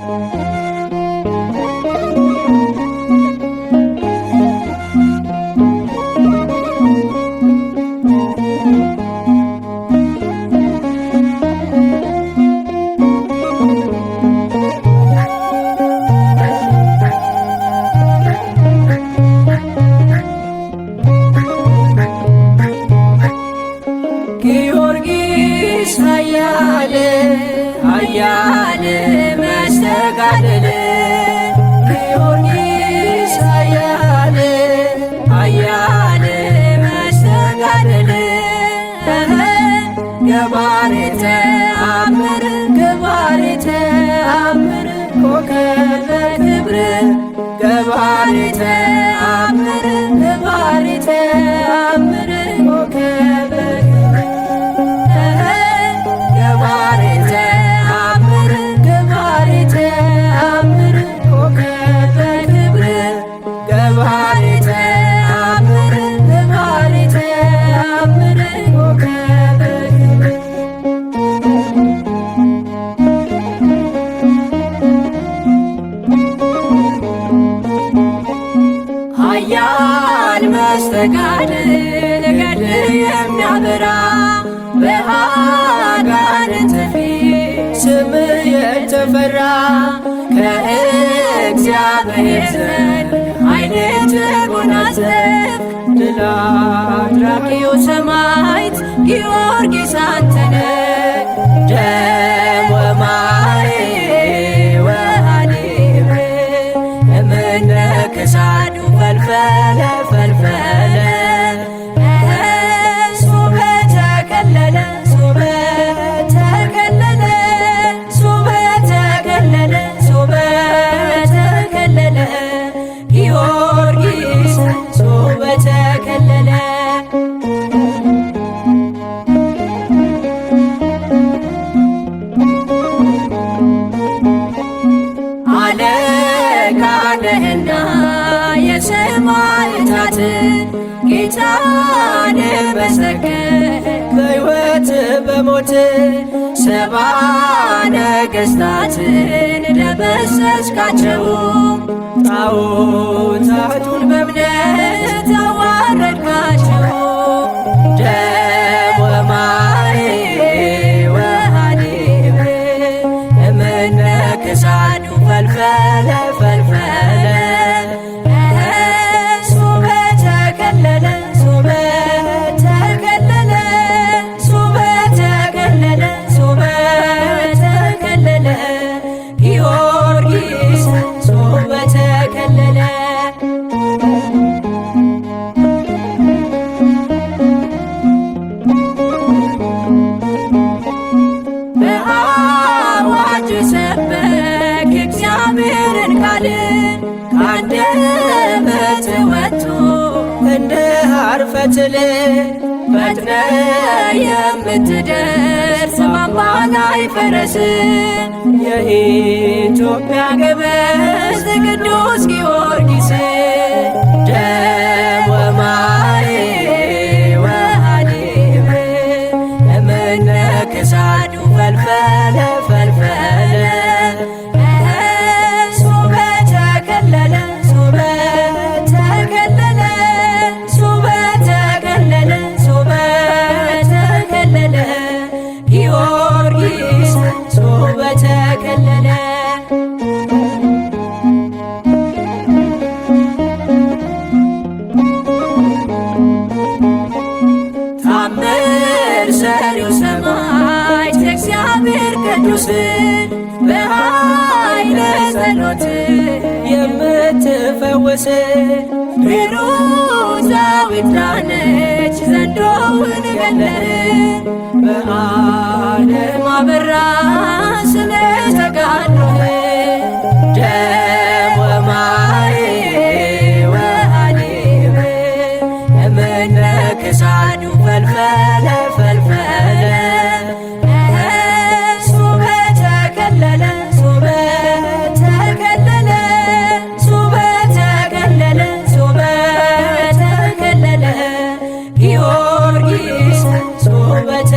Thank you. ሰማዕት ጊዮርጊስ አንተነህ ሞት ሰባ ነገሥታትን ደመሰስካቸው ጣዖታቱን በእምነት አርፈትል ፈጥነ የምትደርስ ማማ ላይ ፈረስ የኢትዮጵያ ገበዝ ቅዱስ ጊዮርጊስ ደወማይ ፊትናነች ዘንዶውን ገለን በአደም አበራ በተ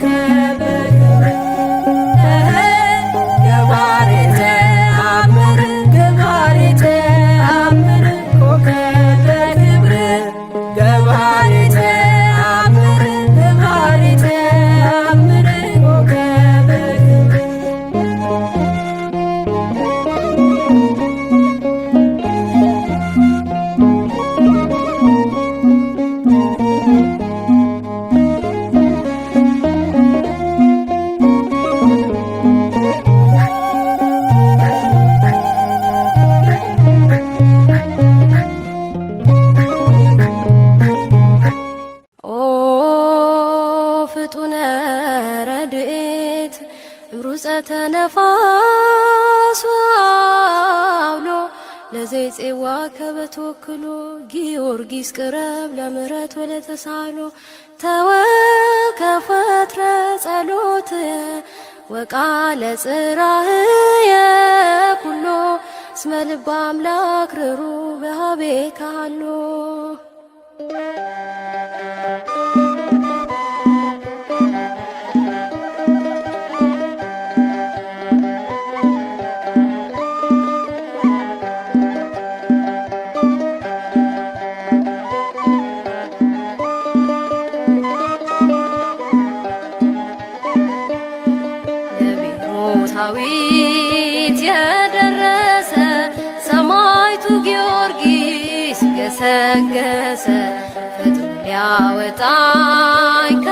God. ዘፄዋ ከበተወክሎ ጊዮርጊስ ቅረብ ለምረት ወለተሳሎ ተወከፈትረ ጸሎትየ ወቃለ ጽራህየ ኩሎ እስመ ልበ አምላክ ርሩ በኀቤ ካሎ ገሰገሰ ፍጥሞ ሊያወጣኝ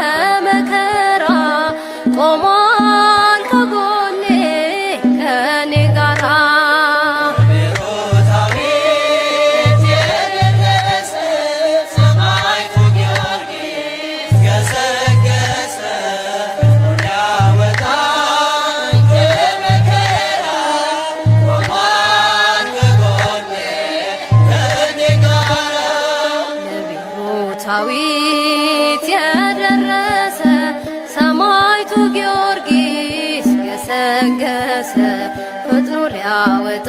ዳዊት የደረሰ ሰማይቱ ጊዮርጊስ የሰገሰ ፍጡር ያወጣ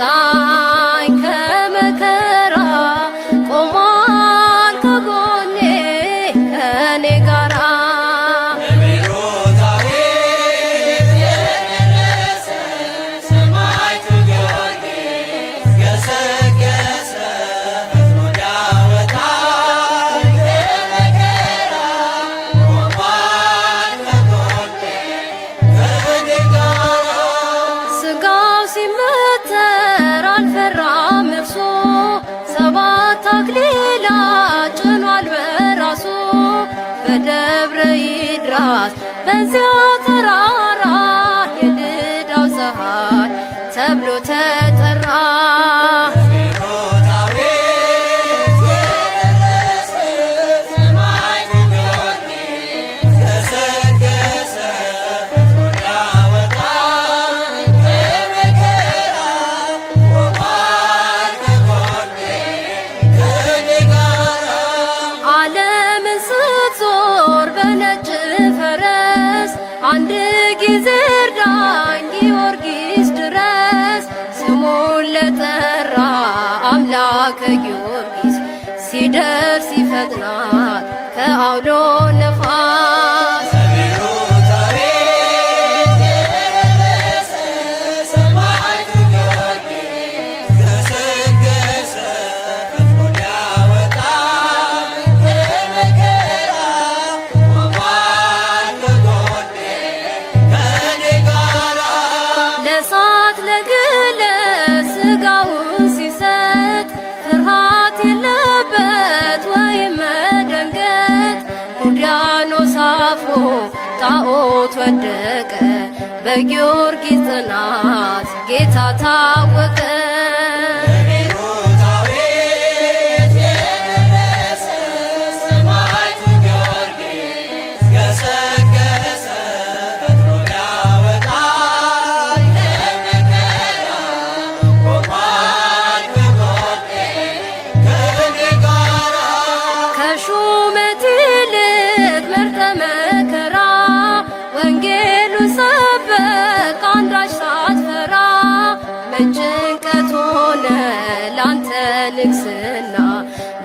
በጊዮርጊስ ጽናት ጌታ ታወቀ። በንግስና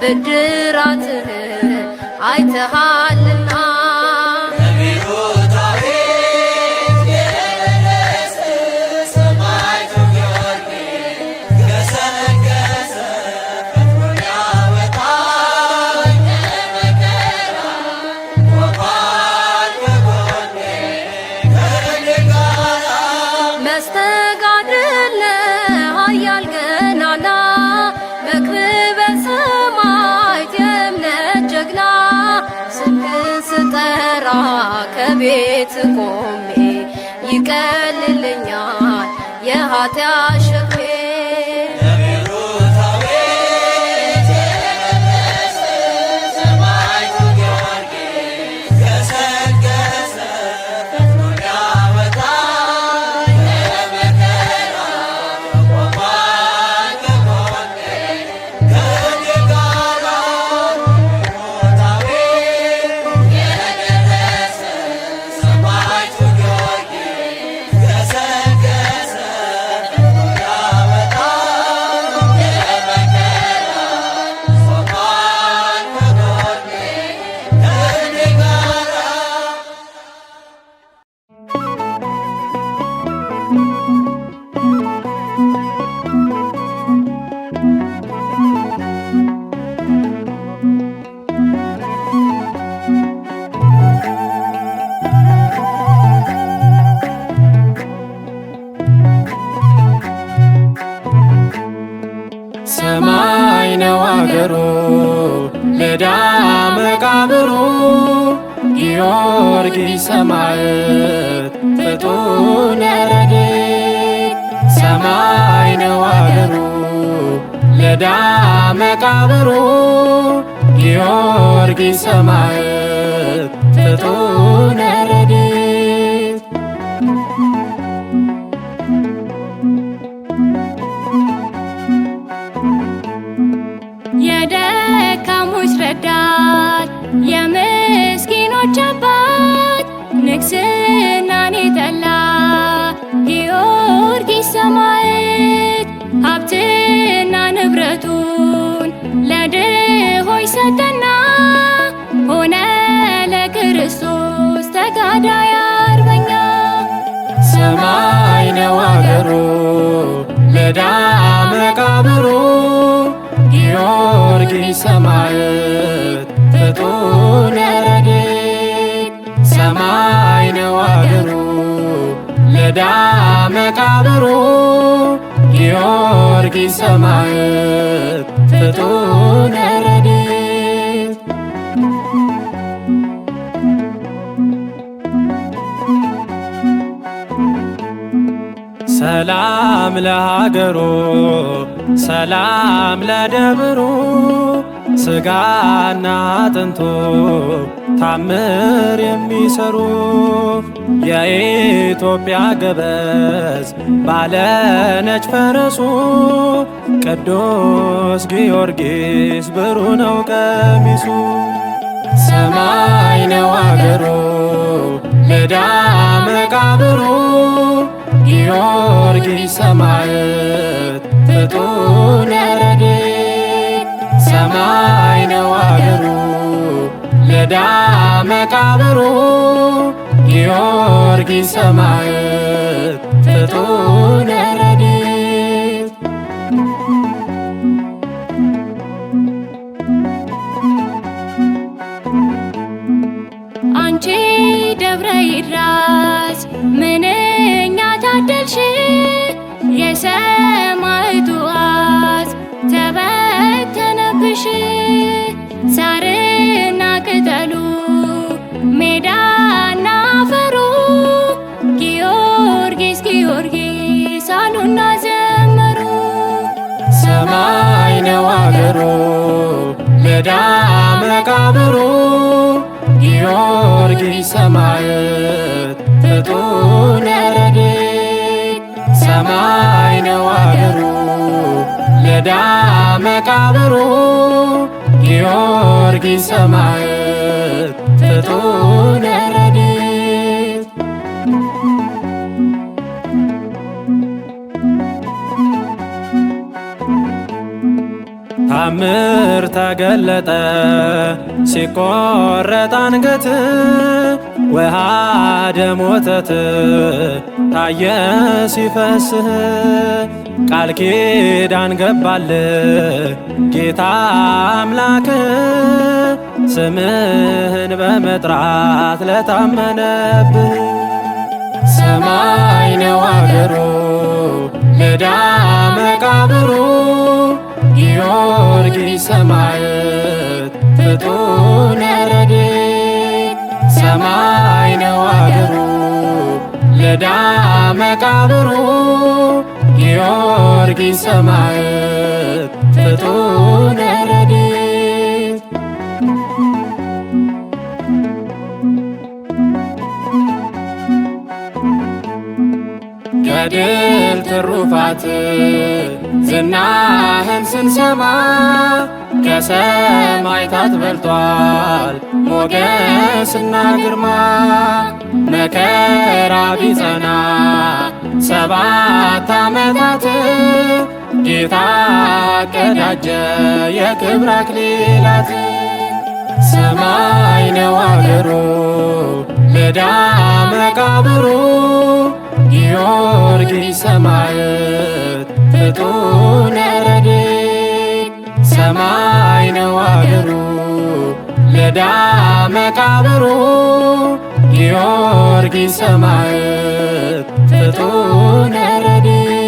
ብድራትህ አይተሃል ቤት ቆሜ ይቀልልኛል የኃጢአት እንግዳ መቃብሩ ጊዮርጊስ ሰማዕት ፍጡነ ረድእ ሰማይ ነው አገሩ መቃብሩ ጊዮርጊስ ሰማዕት ሰማይ ነው አገሩ ለዳአ መቃብሩ ጊዮርጊስ ሰማዕት ፍጡነ ረድእ ሰማይ ነው አገሩ ለዳአ መቃብሩ ጊዮርጊስ ሰማዕት ፍጡነ ሰላም ለሀገሩ ሰላም ለደብሩ ስጋና አጥንቱ ታምር የሚሰሩ የኢትዮጵያ ገበዝ ባለ ነጭ ፈረሱ ቅዱስ ጊዮርጊስ ብሩ ነው ቀሚሱ። ሰማይ ነው አገሩ ልዳ መቃብሩ ጊዮርጊስ ሰማዕት ፍጡነ ረድእ ሰማይ ነው አገሩ ለዳመ መቃብሩ ጊዮርጊስ ሰማዕት ፍጡነ ረድእ አንቺ ደብረ ይድራ አንቺ የሰማዕቱ አጽ ተበተነብሽ ሳርና ቅጠሉ ሜዳና አፈሩ ጊዮርጊስ ጊዮርጊስ አሉና ዘመሩ። ሰማይ ነው አገሩ ለዳም መቃብሩ ጊዮርጊስ ሰማዕት ፍጡነ ሰማይ ነው አገሩ ለዳ መቃብሩ ጊዮርጊስ ሰማዕት ፍጡነ ረድኤት ታምር ተገለጠ ሲቆረጥ አንገት ውሃ ደም ወተት ታየ ሲፈስህ ቃል ኪዳን ገባል ጌታ አምላክ ስምህን በመጥራት ለታመነብህ ሰማይ ነዋደ በረዳ መቃብሩ ጊዮርጊስ ሰማዕት ፍጡነ ረድኤት ገድል ትሩፋት ዝናህን ስንሰማ ከሰማዕታት በልጧል ሞገስና ግርማ መከራ ቢጸና ሰባት ዓመታት ጌታ ቀዳጀ የክብር አክሊላት ሰማይ ነው አገሩ ልዳ መቃብሩ ጊዮርጊስ ሰማዕት ፍጡነ ረድእ ሰማይ ነው አገሩ ለዳ መቃብሩ ጊዮርጊስ ሰማዕት ፍጡነ ረድኤት